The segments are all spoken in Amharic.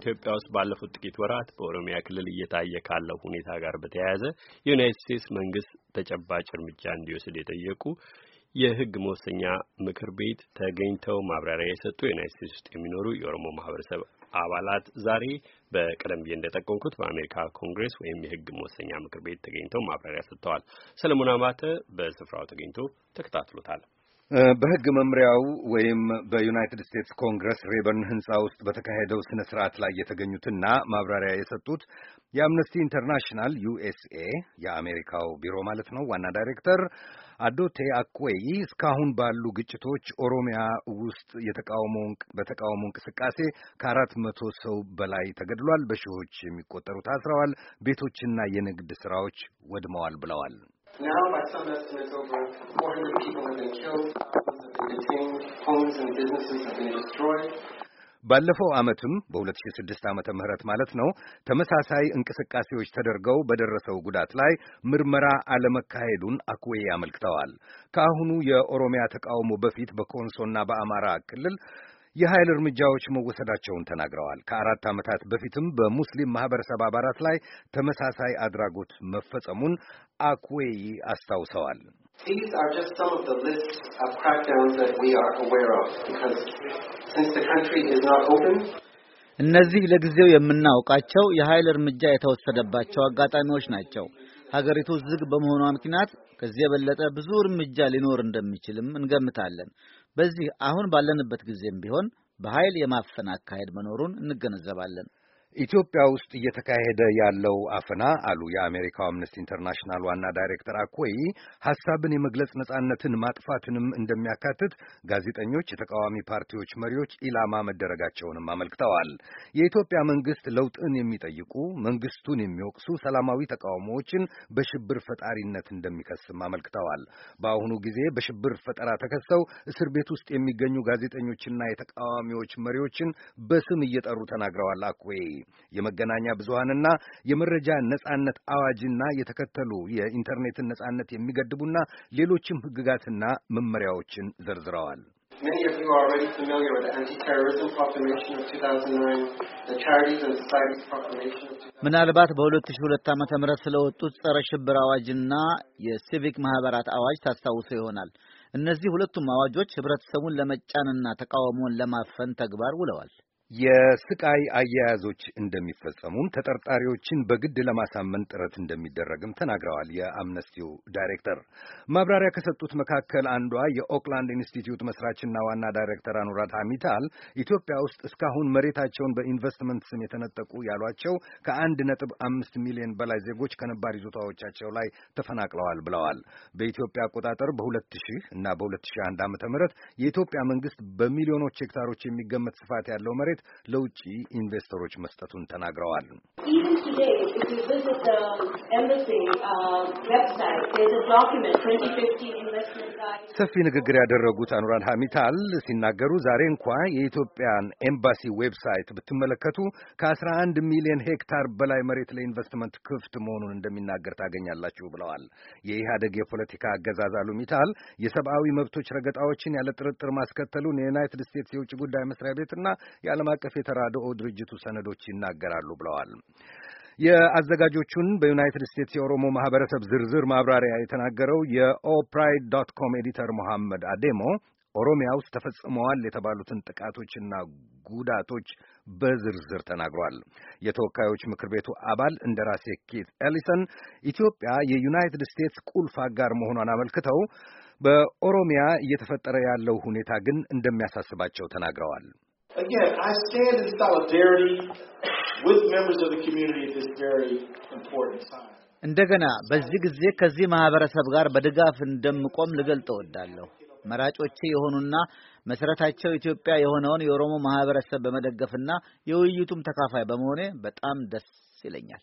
ኢትዮጵያ ውስጥ ባለፉት ጥቂት ወራት በኦሮሚያ ክልል እየታየ ካለው ሁኔታ ጋር በተያያዘ የዩናይትድ ስቴትስ መንግስት ተጨባጭ እርምጃ እንዲወስድ የጠየቁ የህግ መወሰኛ ምክር ቤት ተገኝተው ማብራሪያ የሰጡ የዩናይት ስቴትስ ውስጥ የሚኖሩ የኦሮሞ ማህበረሰብ አባላት ዛሬ በቀደም ብዬ እንደጠቀምኩት በአሜሪካ ኮንግሬስ ወይም የህግ መወሰኛ ምክር ቤት ተገኝተው ማብራሪያ ሰጥተዋል። ሰለሞን አባተ በስፍራው ተገኝቶ ተከታትሎታል። በህግ መምሪያው ወይም በዩናይትድ ስቴትስ ኮንግረስ ሬበን ህንፃ ውስጥ በተካሄደው ስነ ስርዓት ላይ የተገኙትና ማብራሪያ የሰጡት የአምነስቲ ኢንተርናሽናል ዩኤስኤ የአሜሪካው ቢሮ ማለት ነው ዋና ዳይሬክተር አዶቴ አኩዌይ እስካሁን ባሉ ግጭቶች ኦሮሚያ ውስጥ በተቃውሞ እንቅስቃሴ ከአራት መቶ ሰው በላይ ተገድሏል፣ በሺዎች የሚቆጠሩ ታስረዋል፣ ቤቶችና የንግድ ስራዎች ወድመዋል ብለዋል። Now, by some estimates, over 400 people have been killed, thousands have been detained, homes and businesses have been destroyed. ባለፈው ዓመትም በ2006 ዓመተ ምህረት ማለት ነው ተመሳሳይ እንቅስቃሴዎች ተደርገው በደረሰው ጉዳት ላይ ምርመራ አለመካሄዱን አኩዌ አመልክተዋል። ከአሁኑ የኦሮሚያ ተቃውሞ በፊት በኮንሶና በአማራ ክልል የኃይል እርምጃዎች መወሰዳቸውን ተናግረዋል። ከአራት ዓመታት በፊትም በሙስሊም ማህበረሰብ አባላት ላይ ተመሳሳይ አድራጎት መፈጸሙን አኩዌይ አስታውሰዋል። እነዚህ ለጊዜው የምናውቃቸው የኃይል እርምጃ የተወሰደባቸው አጋጣሚዎች ናቸው። ሀገሪቱ ዝግ በመሆኗ ምክንያት ከዚህ የበለጠ ብዙ እርምጃ ሊኖር እንደሚችልም እንገምታለን። በዚህ አሁን ባለንበት ጊዜም ቢሆን በኃይል የማፈን አካሄድ መኖሩን እንገነዘባለን። ኢትዮጵያ ውስጥ እየተካሄደ ያለው አፈና አሉ የአሜሪካው አምነስቲ ኢንተርናሽናል ዋና ዳይሬክተር አኮይ ሐሳብን የመግለጽ ነጻነትን ማጥፋትንም እንደሚያካትት ጋዜጠኞች፣ የተቃዋሚ ፓርቲዎች መሪዎች ኢላማ መደረጋቸውንም አመልክተዋል። የኢትዮጵያ መንግስት ለውጥን የሚጠይቁ መንግስቱን የሚወቅሱ ሰላማዊ ተቃውሞዎችን በሽብር ፈጣሪነት እንደሚከስም አመልክተዋል። በአሁኑ ጊዜ በሽብር ፈጠራ ተከሰው እስር ቤት ውስጥ የሚገኙ ጋዜጠኞችና የተቃዋሚዎች መሪዎችን በስም እየጠሩ ተናግረዋል አኮይ የመገናኛ ብዙሃንና የመረጃ ነጻነት አዋጅና የተከተሉ የኢንተርኔትን ነጻነት የሚገድቡና ሌሎችም ህግጋትና መመሪያዎችን ዘርዝረዋል። ምናልባት በ2002 ዓ ም ስለወጡት ጸረ ሽብር አዋጅና የሲቪክ ማህበራት አዋጅ ታስታውሶ ይሆናል። እነዚህ ሁለቱም አዋጆች ህብረተሰቡን ለመጫንና ተቃውሞውን ለማፈን ተግባር ውለዋል። የስቃይ አያያዞች እንደሚፈጸሙም ተጠርጣሪዎችን በግድ ለማሳመን ጥረት እንደሚደረግም ተናግረዋል። የአምነስቲው ዳይሬክተር ማብራሪያ ከሰጡት መካከል አንዷ የኦክላንድ ኢንስቲትዩት መስራችና ዋና ዳይሬክተር አኑራት ሀሚታል ኢትዮጵያ ውስጥ እስካሁን መሬታቸውን በኢንቨስትመንት ስም የተነጠቁ ያሏቸው ከአንድ ነጥብ አምስት ሚሊዮን በላይ ዜጎች ከነባር ይዞታዎቻቸው ላይ ተፈናቅለዋል ብለዋል። በኢትዮጵያ አቆጣጠር በ2000 እና በ ሺህ ዓ ም የኢትዮጵያ መንግስት በሚሊዮኖች ሄክታሮች የሚገመት ስፋት ያለው መሬት በማዘጋጀት ለውጭ ኢንቨስተሮች መስጠቱን ተናግረዋል። uh, ሰፊ ንግግር ያደረጉት አኑራል ሀሚታል ሲናገሩ ዛሬ እንኳ የኢትዮጵያን ኤምባሲ ዌብሳይት ብትመለከቱ ከ11 ሚሊዮን ሄክታር በላይ መሬት ለኢንቨስትመንት ክፍት መሆኑን እንደሚናገር ታገኛላችሁ ብለዋል። የኢህአደግ የፖለቲካ አገዛዝ አሉ ሚታል የሰብአዊ መብቶች ረገጣዎችን ያለ ጥርጥር ማስከተሉን የዩናይትድ ስቴትስ የውጭ ጉዳይ መስሪያ ቤትና የዓለም ዓለም አቀፍ የተራድኦ ድርጅቱ ሰነዶች ይናገራሉ ብለዋል። የአዘጋጆቹን በዩናይትድ ስቴትስ የኦሮሞ ማህበረሰብ ዝርዝር ማብራሪያ የተናገረው የኦፕራይድ ዶት ኮም ኤዲተር ሞሐመድ አዴሞ ኦሮሚያ ውስጥ ተፈጽመዋል የተባሉትን ጥቃቶችና ጉዳቶች በዝርዝር ተናግሯል። የተወካዮች ምክር ቤቱ አባል እንደራሴ ኬት ኤሊሰን ኢትዮጵያ የዩናይትድ ስቴትስ ቁልፍ አጋር መሆኗን አመልክተው በኦሮሚያ እየተፈጠረ ያለው ሁኔታ ግን እንደሚያሳስባቸው ተናግረዋል። Again, I stand in solidarity with members of the community at this very important time. እንደገና በዚህ ጊዜ ከዚህ ማህበረሰብ ጋር በድጋፍ እንደምቆም ልገልጥ እወዳለሁ። መራጮቼ የሆኑና መሰረታቸው ኢትዮጵያ የሆነውን የኦሮሞ ማህበረሰብ በመደገፍና የውይይቱም ተካፋይ በመሆኔ በጣም ደስ ይለኛል።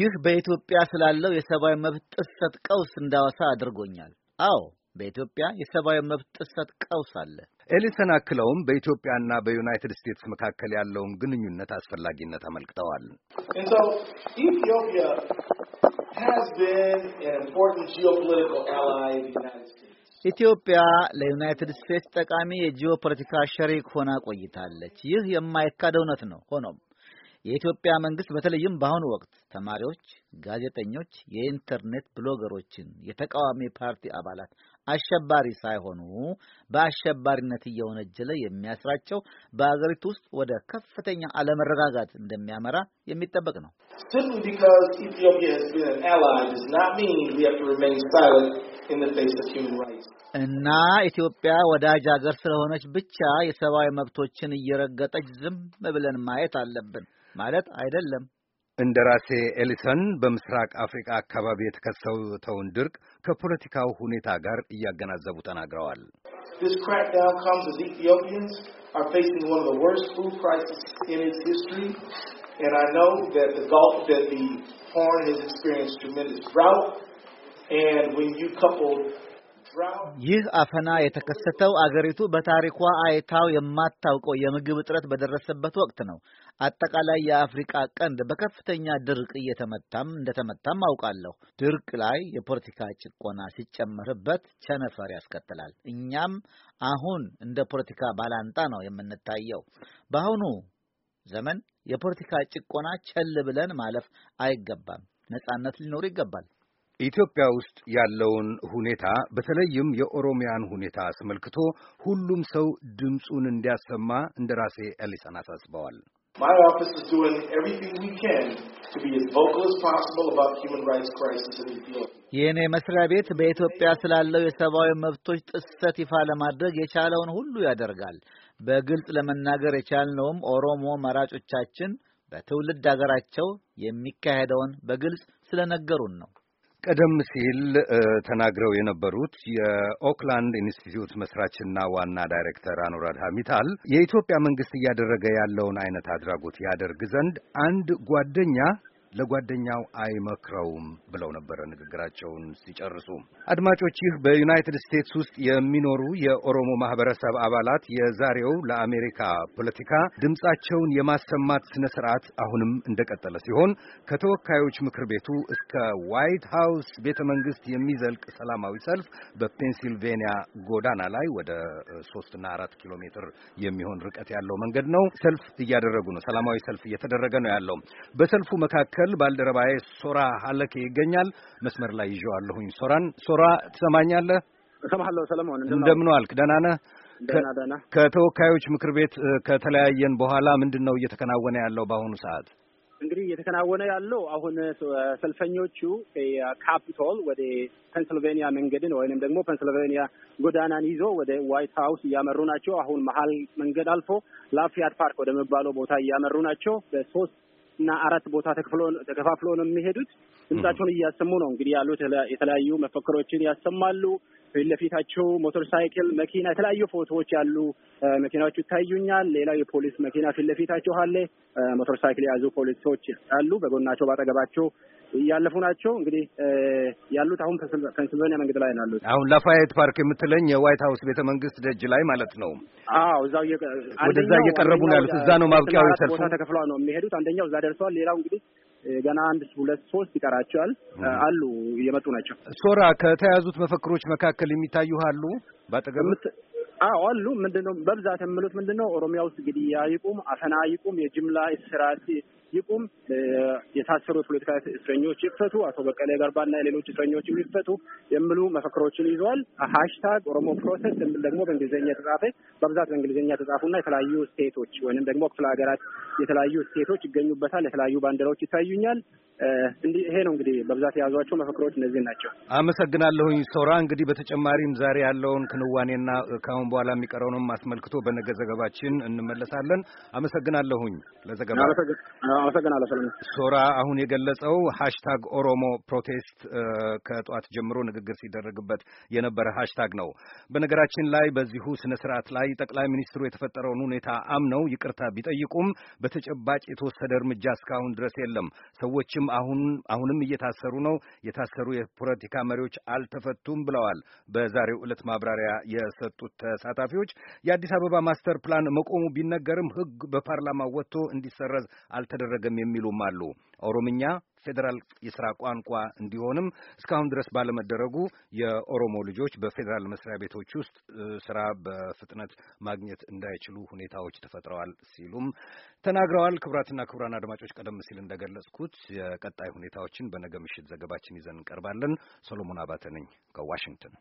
ይህ በኢትዮጵያ ስላለው የሰብአዊ መብት ጥሰት ቀውስ እንዳወሳ አድርጎኛል። አዎ በኢትዮጵያ የሰብአዊ መብት ጥሰት ቀውስ አለ። ኤሊሰን አክለውም በኢትዮጵያና በዩናይትድ ስቴትስ መካከል ያለውን ግንኙነት አስፈላጊነት አመልክተዋል። ኢትዮጵያ ለዩናይትድ ስቴትስ ጠቃሚ የጂኦፖለቲካ ሸሪክ ሆና ቆይታለች። ይህ የማይካድ እውነት ነው። ሆኖም የኢትዮጵያ መንግስት በተለይም በአሁኑ ወቅት ተማሪዎች፣ ጋዜጠኞች፣ የኢንተርኔት ብሎገሮችን፣ የተቃዋሚ ፓርቲ አባላት አሸባሪ ሳይሆኑ በአሸባሪነት እየወነጀለ የሚያስራቸው በአገሪቱ ውስጥ ወደ ከፍተኛ አለመረጋጋት እንደሚያመራ የሚጠበቅ ነው። እና ኢትዮጵያ ወዳጅ አገር ስለሆነች ብቻ የሰብአዊ መብቶችን እየረገጠች ዝም ብለን ማየት አለብን ማለት አይደለም። እንደራሴ ኤሊሰን በምስራቅ አፍሪካ አካባቢ የተከሰተውን ድርቅ ከፖለቲካው ሁኔታ ጋር እያገናዘቡ ተናግረዋል። And when you couple ይህ አፈና የተከሰተው አገሪቱ በታሪኳ አይታው የማታውቀው የምግብ እጥረት በደረሰበት ወቅት ነው። አጠቃላይ የአፍሪቃ ቀንድ በከፍተኛ ድርቅ እየተመታም እንደተመታም አውቃለሁ። ድርቅ ላይ የፖለቲካ ጭቆና ሲጨመርበት ቸነፈር ያስከትላል። እኛም አሁን እንደ ፖለቲካ ባላንጣ ነው የምንታየው። በአሁኑ ዘመን የፖለቲካ ጭቆና ቸል ብለን ማለፍ አይገባም። ነጻነት ሊኖር ይገባል። ኢትዮጵያ ውስጥ ያለውን ሁኔታ በተለይም የኦሮሚያን ሁኔታ አስመልክቶ ሁሉም ሰው ድምፁን እንዲያሰማ እንደ ራሴ ኤሊሰን አሳስበዋል። My የእኔ መስሪያ ቤት በኢትዮጵያ ስላለው የሰብአዊ መብቶች ጥሰት ይፋ ለማድረግ የቻለውን ሁሉ ያደርጋል። በግልጽ ለመናገር የቻልነውም ኦሮሞ መራጮቻችን በትውልድ አገራቸው የሚካሄደውን በግልጽ ስለነገሩን ነው። ቀደም ሲል ተናግረው የነበሩት የኦክላንድ ኢንስቲትዩት መስራችና ዋና ዳይሬክተር አኑራድ ሀሚታል የኢትዮጵያ መንግስት እያደረገ ያለውን አይነት አድራጎት ያደርግ ዘንድ አንድ ጓደኛ ለጓደኛው አይመክረውም ብለው ነበረ ንግግራቸውን ሲጨርሱ። አድማጮች፣ ይህ በዩናይትድ ስቴትስ ውስጥ የሚኖሩ የኦሮሞ ማህበረሰብ አባላት የዛሬው ለአሜሪካ ፖለቲካ ድምፃቸውን የማሰማት ስነ ስርዓት አሁንም እንደቀጠለ ሲሆን ከተወካዮች ምክር ቤቱ እስከ ዋይት ሃውስ ቤተ መንግስት የሚዘልቅ ሰላማዊ ሰልፍ በፔንሲልቬንያ ጎዳና ላይ ወደ ሶስትና አራት ኪሎ ሜትር የሚሆን ርቀት ያለው መንገድ ነው። ሰልፍ እያደረጉ ነው። ሰላማዊ ሰልፍ እየተደረገ ነው ያለው። በሰልፉ መካከል ክፍል ባልደረባዬ ሶራ አለኬ ይገኛል። መስመር ላይ ይዤዋለሁኝ። ሶራን ሶራ ትሰማኛለህ? እሰማሃለሁ ሰለሞን። እንደምን ዋልክ? ደህና ነህ? ከተወካዮች ምክር ቤት ከተለያየን በኋላ ምንድን ነው እየተከናወነ ያለው በአሁኑ ሰዓት? እንግዲህ እየተከናወነ ያለው አሁን ሰልፈኞቹ ካፒቶል ወደ ፔንስልቬኒያ መንገድን ወይንም ደግሞ ፔንስልቬኒያ ጎዳናን ይዞ ወደ ዋይት ሀውስ እያመሩ ናቸው። አሁን መሀል መንገድ አልፎ ላፍያድ ፓርክ ወደሚባለው ቦታ እያመሩ ናቸው። በሶስት እና አራት ቦታ ተከፋፍሎ ነው የሚሄዱት። ድምጻቸውን እያሰሙ ነው እንግዲህ ያሉት የተለያዩ መፈክሮችን ያሰማሉ። ፊት ለፊታቸው ሞተር ሳይክል፣ መኪና፣ የተለያዩ ፎቶዎች ያሉ መኪናዎች ይታዩኛል። ሌላው የፖሊስ መኪና ፊት ለፊታቸው አለ። ሞተር ሳይክል የያዙ ፖሊሶች አሉ። በጎናቸው በአጠገባቸው እያለፉ ናቸው። እንግዲህ ያሉት አሁን ፔንስልቬኒያ መንገድ ላይ ናሉት። አሁን ላፋየት ፓርክ የምትለኝ የዋይት ሀውስ ቤተ መንግስት ደጅ ላይ ማለት ነው። አዎ፣ እዛው ወደዛ እየቀረቡ ነው ያሉት። እዛ ነው ማብቂያው ሰልፍ ተከፍሏ ነው የሚሄዱት። አንደኛው እዛ ደርሰዋል። ሌላው እንግዲህ ገና አንድ ሁለት ሶስት ይቀራቸዋል አሉ እየመጡ ናቸው። ሶራ ከተያዙት መፈክሮች መካከል የሚታዩ አሉ በአጠገብ አዎ አሉ። ምንድነው በብዛት የምሉት ምንድነው? ኦሮሚያ ውስጥ ግድያ ይቁም፣ አፈና ይቁም፣ የጅምላ እስራት ይቁም፣ የታሰሩ የፖለቲካ እስረኞች ይፈቱ፣ አቶ በቀለ ገርባና የሌሎች እስረኞች ይፈቱ የሚሉ መፈክሮችን ይዘዋል። ሀሽታግ ኦሮሞ ፕሮሰስ የሚል ደግሞ በእንግሊዝኛ የተጻፈ በብዛት በእንግሊዝኛ የተጻፉና የተለያዩ ስቴቶች ወይም ደግሞ ክፍለ ሀገራት የተለያዩ ስቴቶች ይገኙበታል። የተለያዩ ባንዲራዎች ይታዩኛል። እንዲህ ይሄ ነው እንግዲህ በብዛት የያዟቸው መፈክሮች እነዚህ ናቸው። አመሰግናለሁኝ ሶራ። እንግዲህ በተጨማሪም ዛሬ ያለውን ክንዋኔና ከአሁን በኋላ የሚቀረውንም አስመልክቶ በነገ ዘገባችን እንመለሳለን። አመሰግናለሁኝ ለዘገባ አመሰግናለሁ ሰለሞን። ሶራ አሁን የገለጸው ሀሽታግ ኦሮሞ ፕሮቴስት ከጠዋት ጀምሮ ንግግር ሲደረግበት የነበረ ሀሽታግ ነው። በነገራችን ላይ በዚሁ ስነ ስርዓት ላይ ጠቅላይ ሚኒስትሩ የተፈጠረውን ሁኔታ አምነው ይቅርታ ቢጠይቁም በተጨባጭ የተወሰደ እርምጃ እስካሁን ድረስ የለም። ሰዎችም ሌሎችም አሁን አሁንም እየታሰሩ ነው። የታሰሩ የፖለቲካ መሪዎች አልተፈቱም ብለዋል። በዛሬው ዕለት ማብራሪያ የሰጡት ተሳታፊዎች የአዲስ አበባ ማስተር ፕላን መቆሙ ቢነገርም ሕግ በፓርላማ ወጥቶ እንዲሰረዝ አልተደረገም የሚሉም አሉ። ኦሮምኛ ፌዴራል የስራ ቋንቋ እንዲሆንም እስካሁን ድረስ ባለመደረጉ የኦሮሞ ልጆች በፌዴራል መስሪያ ቤቶች ውስጥ ስራ በፍጥነት ማግኘት እንዳይችሉ ሁኔታዎች ተፈጥረዋል ሲሉም ተናግረዋል። ክቡራትና ክቡራን አድማጮች ቀደም ሲል እንደገለጽኩት የቀጣይ ሁኔታዎችን በነገ ምሽት ዘገባችን ይዘን እንቀርባለን። ሰሎሞን አባተ ነኝ ከዋሽንግተን።